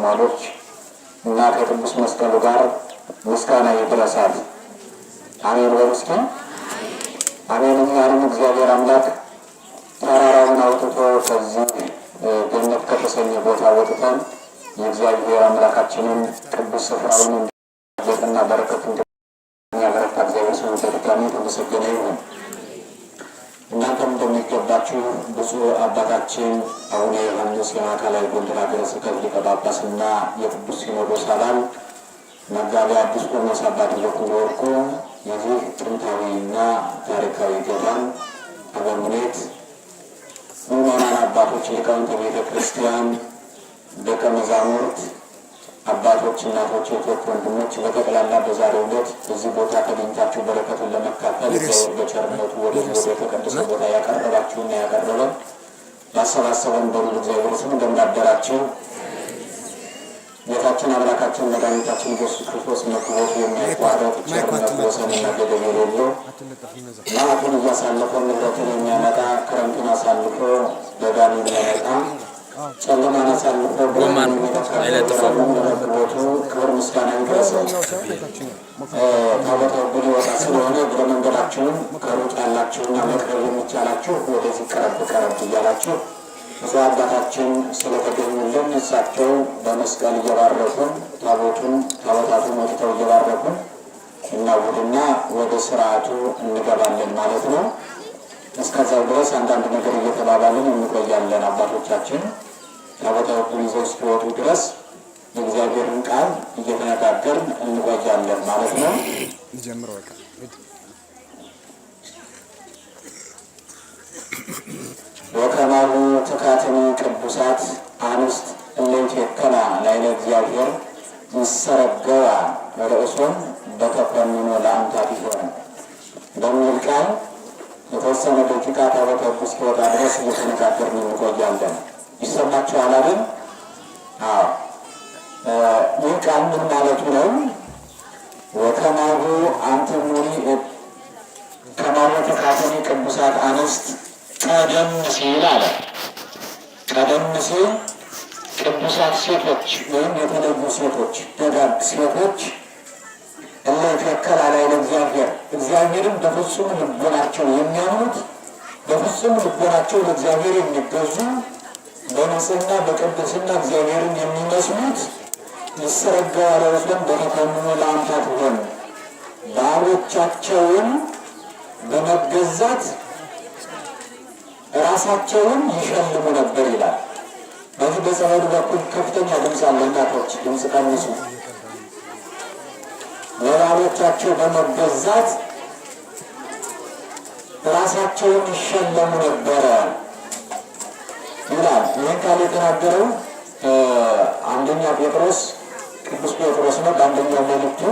አማኞች እና ከቅዱስ መስቀሉ ጋር ምስጋና ይድረሳል። አሜን በምስኪ አሜን እኛንም እግዚአብሔር አምላክ ተራራውን አውጥቶ ከዚህ ገነት ከተሰኘ ቦታ ወጥተን የእግዚአብሔር አምላካችንን ቅዱስ ስፍራውን ጌጥና በረከት እንድናገረታ እግዚአብሔር ስሙ ተጠቃሚ ተመሰገነ ይሁን። እናንተም እንደሚገባችሁ ብፁዕ አባታችን አቡነ ዮሐንስ የማዕከላዊ ጎንደር ሀገረ ስብከት ሊቀ ጳጳስና የቅዱስ ሲኖዶስ አባል መጋቢ አዲስ ቆሞስ አባ ዲቁን ወርቁ የዚህ ጥንታዊና ታሪካዊ ገዳም አበምኔት፣ ምዕመናን አባቶች፣ ሊቃውንተ ቤተ ክርስቲያን፣ ደቀ መዛሙርት አባቶች፣ እናቶች፣ እህቶች፣ ወንድሞች በጠቅላላ በዛሬው ዕለት እዚህ ቦታ ተገኝታችሁ በረከቱን ለመካፈል በቸርነቱ ወደ የተቀደሰ ቦታ ያቀረባችሁና ያቀረበን ያሰባሰበን በሉ እግዚአብሔር ስም እንደምናደራችሁ ጌታችን አምላካችን መድኃኒታችን ኢየሱስ ክርስቶስ መክቦት የሚያቋረጥ ቸርነት ወሰንና ገደብ የሌለው ማዕቱን እያሳለፈ ምረትን የሚያመጣ ክረምትን አሳልፎ በጋን የሚያመጣ ጎማን አይለጥፈው። ስለሆነ እግረ መንገዳቸውን ከሩቅ ያላቸውና መቅረብ የሚቻላቸው ወደዚህ ቀረብ ቀረብ እያላቸው ብፁዕ አባታችን ስለተገኙልን እሳቸው በመስቀል እየባረኩን ታቦቱን ታቦታቱን ወጥተው እየባረኩን እናውድና ወደ ስርዓቱ እንገባለን ማለት ነው። እስከዛው ድረስ አንዳንድ ነገር እየተባባልን እንቆያለን። አባቶቻችን ታቦተ ሕጉን ይዘው እስኪወጡ ድረስ የእግዚአብሔርን ቃል እየተነጋገርን እንቆያለን ማለት ነው። ወከማሉ ትካትኒ ቅዱሳት አንስት እለይቴከና ላይለ እግዚአብሔር ይሰረገባ ርእሶም በተኮንኖ ለአምታት ይሆን በሚል ቃል የተወሰነ ደቂቃ ታቦተ ሕጉ እስኪወጣ ድረስ እየተነጋገር እንቆያለን። ይሰማችኋል አይደል? ይህ ቃል ምን ማለቱ ነው? ወከማሁ አንትሙኒ ከማሁ ተካተኒ ቅዱሳት አንስት ቀደም ሲል አለ ቀደም ሲል ቅዱሳት ሴቶች ወይም የተለዩ ሴቶች ደጋግ ሴቶች ያለ የተከል አላይለ እግዚአብሔር እግዚአብሔርም በፍጹም ልቦናቸው የሚያምኑት በፍጹም ልቦናቸው ለእግዚአብሔር የሚገዙ በንጽህና በቅድስና እግዚአብሔርን የሚመስሉት ይሰረጋ ያለውስለም በተከምኖ ለአምታት ሆኑ ባሮቻቸውን በመገዛት ራሳቸውን ይሸልሙ ነበር ይላል። በዚህ በጸበሉ በኩል ከፍተኛ ድምፅ አለ። እናቶች ድምፅ ቀንሱ። ለባሎቻቸው በመገዛት ራሳቸውን ይሸለሙ ነበረ ይላል። ይህን ቃል የተናገረው አንደኛ ጴጥሮስ ቅዱስ ጴጥሮስ ነው። በአንደኛው መልእክቱ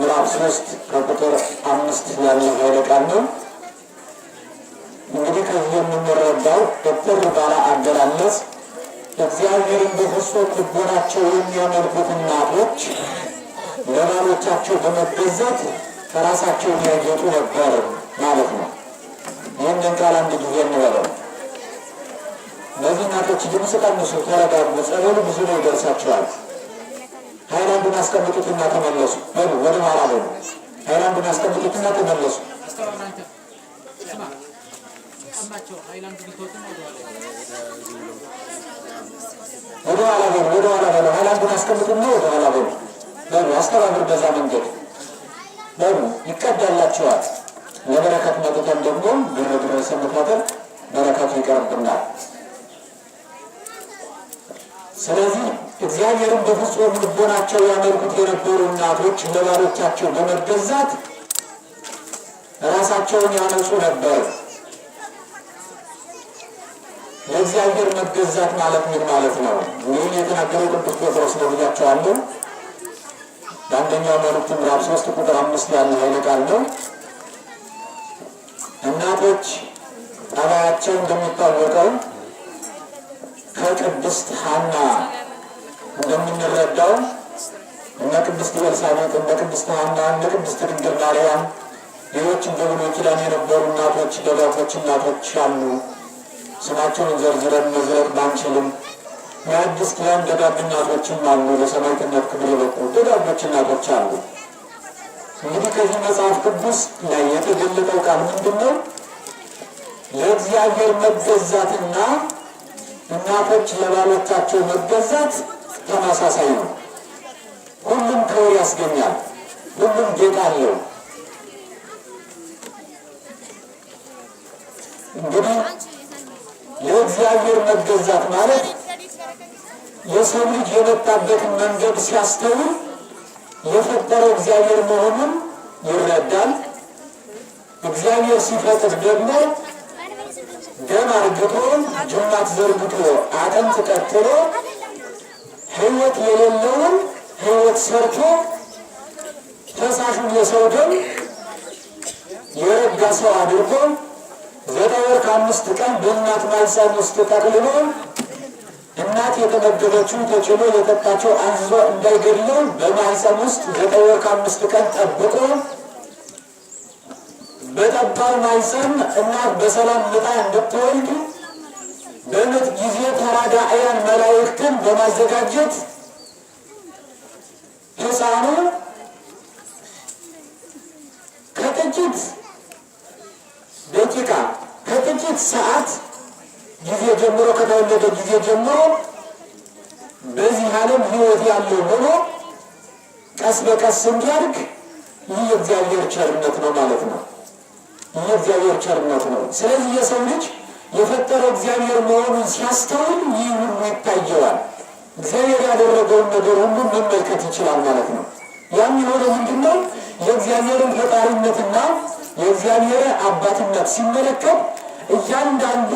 ምዕራፍ ሶስት ከቁጥር አምስት ያለ ኃይለ ቃል ነው። እንግዲህ ከዚህ የምንረዳው በጥር ባለ አገላለጽ እግዚአብሔርን በፍጹም ልቦናቸው የሚያመልኩት እናቶች ለባሎቻቸው በመገዛት ከራሳቸው የሚያጌጡ ነበር ማለት ነው። ይህንን ቃል አንድ ጊዜ እንበለው። እነዚህ እናቶች ድምፅ ቀንሱ፣ ተረጋጉ። ጸበሉ ብዙ ነው ይደርሳቸዋል። ሀይላንዱን አስቀምጡትና ተመለሱ በሉ። ወደ ኋላ በሉ። ሀይላንዱን አስቀምጡትና ተመለሱ። ወደ ኋላ በሉ። ወደ ኋላ በሉ። ሀይላንዱን አስቀምጡና ወደ ኋላ በሉ። በሩ አስተባብር በዛ መንገድ በሩ ይቀዳላችኋል። ለበረከት መጥተን ደግሞ ግርግር ስንፈጥር በረከቱ ይቀርብናል። ስለዚህ እግዚአብሔርን በፍጹም ልቦናቸው ያመልኩት የነበሩ እናቶች ለባሎቻቸው በመገዛት ራሳቸውን ያነጹ ነበር። ለእግዚአብሔር መገዛት ማለት ምን ማለት ነው? ይህን የተናገረው ቅዱስ ጴጥሮስ ነው ብያቸዋለሁ። በአንደኛው መልእክት ምዕራፍ ሶስት ቁጥር አምስት ያለ ኃይለ ቃል ነው። እናቶች ጠባያቸው እንደሚታወቀው ከቅድስት ሐና እንደምንረዳው እነ ቅድስት ኤልሳቤጥ፣ እነ ቅድስት ሐና፣ እነ ቅድስት ድንግል ማርያም ሌሎችም በብሉይ ኪዳን የነበሩ እናቶች ደጋጎች እናቶች አሉ። ስማቸውን ዘርዝረን መዝረቅ ባንችልም የአዲስ ኪዳን ደጋግ እናቶችም አሉ። ለሰማዕትነት ክብር የበቁ ደጋጎች እናቶች አሉ። እንግዲህ ከዚህ መጽሐፍ ቅዱስ ላይ የተገለጠው ቃል ምንድን ነው? ለእግዚአብሔር መገዛትና እናቶች ለባሎቻቸው መገዛት ተመሳሳይ ነው። ሁሉም ክብር ያስገኛል። ሁሉም ጌጣ አለው። እንግዲህ ለእግዚአብሔር መገዛት ማለት የሰው ልጅ የመጣበትን መንገድ ሲያስተውል የፈጠረው እግዚአብሔር መሆኑን ይረዳል። እግዚአብሔር ሲፈጥር ደግሞ ደም አርግቶ ጅማት ዘርግቶ አጥንት ቀጥሎ ሕይወት የሌለውን ሕይወት ሰርቶ ፈሳሹን የሰው ደም የረጋ ሰው አድርጎ ዘጠኝ ወር ከአምስት ቀን በእናት ማህፀን ውስጥ ተጠቅልሎ እናት የተመገበችው ተችሎ የጠጣቸው አዝዞ እንዳይገድለው በማህፀን ውስጥ ዘጠኝ ወር ከአምስት ቀን ጠብቆ በጠባብ ማህፀን እናት በሰላም ምጣ እንድትወልድ በምጥ ጊዜ ተራዳኢያን መላእክትን በማዘጋጀት ህፃኑ ከጥቂት ደቂቃ ከጥቂት ሰዓት ጊዜ ጀምሮ ከተወለደ ጊዜ ጀምሮ በዚህ ዓለም ሕይወት ያለው ሆኖ ቀስ በቀስ እንዲያድግ ይህ የእግዚአብሔር ቸርነት ነው ማለት ነው። ይህ የእግዚአብሔር ቸርነት ነው። ስለዚህ የሰው ልጅ የፈጠረ እግዚአብሔር መሆኑን ሲያስተውል ይህ ሁሉ ይታየዋል። እግዚአብሔር ያደረገውን ነገር ሁሉ መመልከት ይችላል ማለት ነው። ያም የሆነ ምንድን ነው? የእግዚአብሔርን ፈጣሪነትና የእግዚአብሔር አባትነት ሲመለከት እያንዳንዱ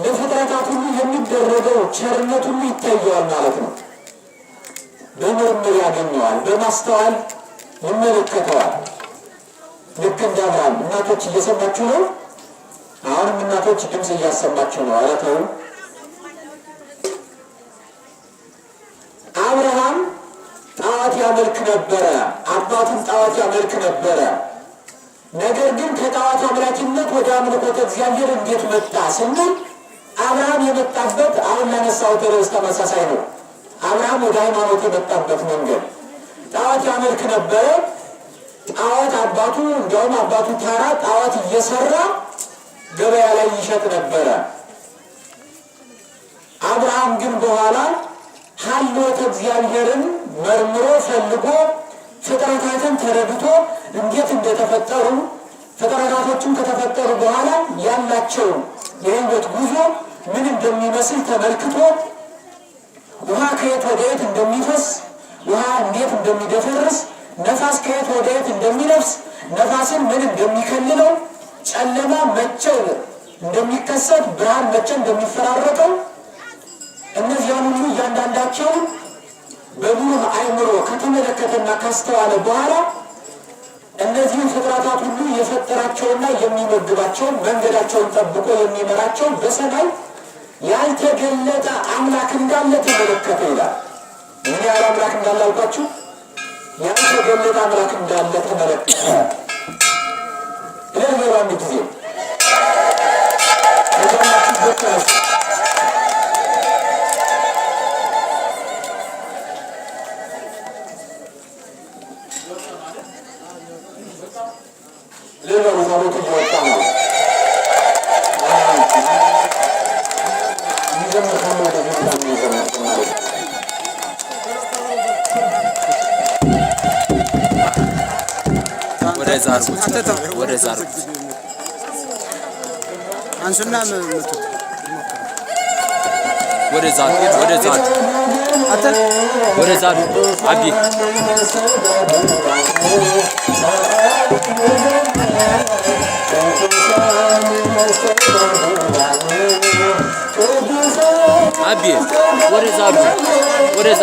ለፍጥረታት ሁሉ የሚደረገው ቸርነት ሁሉ ይታየዋል ማለት ነው። በምርምር ያገኘዋል፣ በማስተዋል ይመለከተዋል። ልክ እንዳብራም እናቶች እየሰማችሁ ነው። አሁንም እናቶች ድምፅ እያሰማችሁ ነው። ኧረ ተው አብርሃም ጣዖት ያመልክ ነበረ፣ አባቱም ጣዖት ያመልክ ነበረ። ነገር ግን ከጣዖት አምላኪነት ወደ አምልኮተ እግዚአብሔር እንዴት መጣ ስንል አብርሃም የመጣበት አሁን ለነሳሁት ርዕስ ተመሳሳይ ነው። አብርሃም ወደ ሃይማኖት የመጣበት መንገድ ጣዖት ያመልክ ነበረ። ጣዖት አባቱ እንዲያውም አባቱ ታራ ጣዖት እየሰራ ገበያ ላይ ይሸጥ ነበረ። አብርሃም ግን በኋላ ሀልወት እግዚአብሔርን መርምሮ ፈልጎ ፍጥረታትን ተረድቶ እንዴት እንደተፈጠሩ ፍጥረታቶቹን ከተፈጠሩ በኋላ ያላቸውን የህይወት ጉዞ ምን እንደሚመስል ተመልክቶ ውሃ ከየት ወደ የት እንደሚፈስ ውሃ እንዴት እንደሚደፈርስ ነፋስ ከየት ወደ የት እንደሚነፍስ ነፋስን ምን እንደሚከልለው ጨለማ መቼ እንደሚከሰት ብርሃን መቼ እንደሚፈራረቀው እነዚያን ሁሉ እያንዳንዳቸውን በሙሉ አእምሮ ከተመለከተና ካስተዋለ በኋላ እነዚህም ፍጥረታት ሁሉ የፈጠራቸውና የሚመግባቸው መንገዳቸውን ጠብቆ የሚመራቸው በሰማይ ያልተገለጠ አምላክ እንዳለ ተመለከተ ይላል። ምን ያህል አምላክ እንዳለ አልኳችሁ? ያልተገለጠ አምላክ እንዳለ ተመለከተ ብለን ጊዜ አንድ ጊዜ አድርጉት። አንሱና ምቱ ወደዛ ወደዛ ወደዛ አቢ አቢ ወደዛ ወደዛ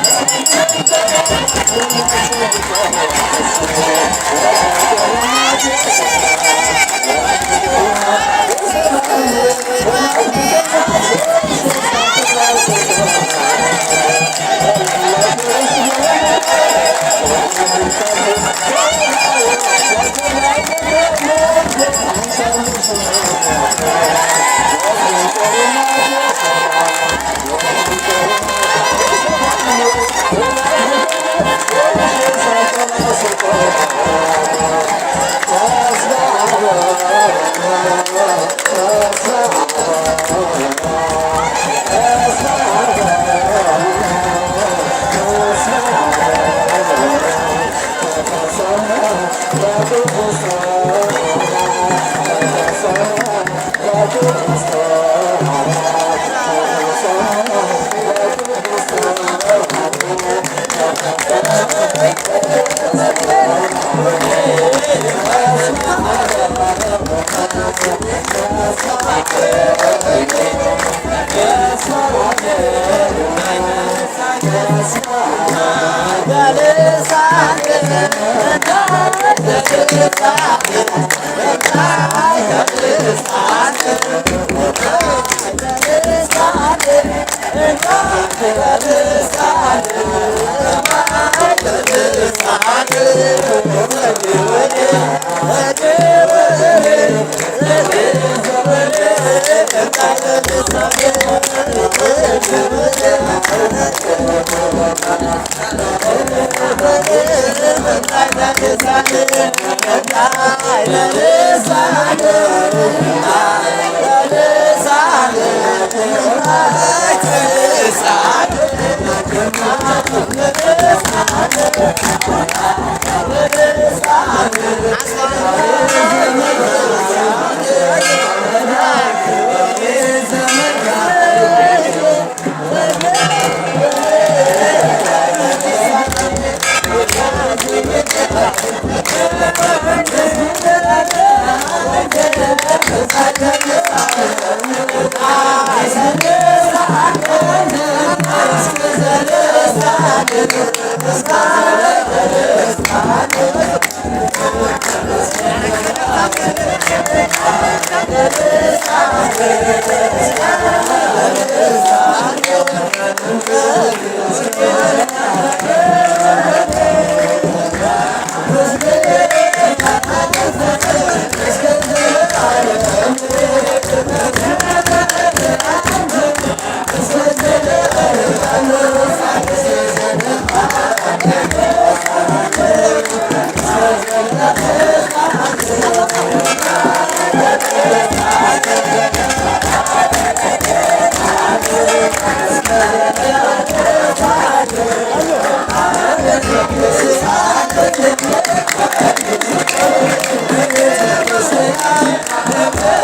ai, ai, ai, ai.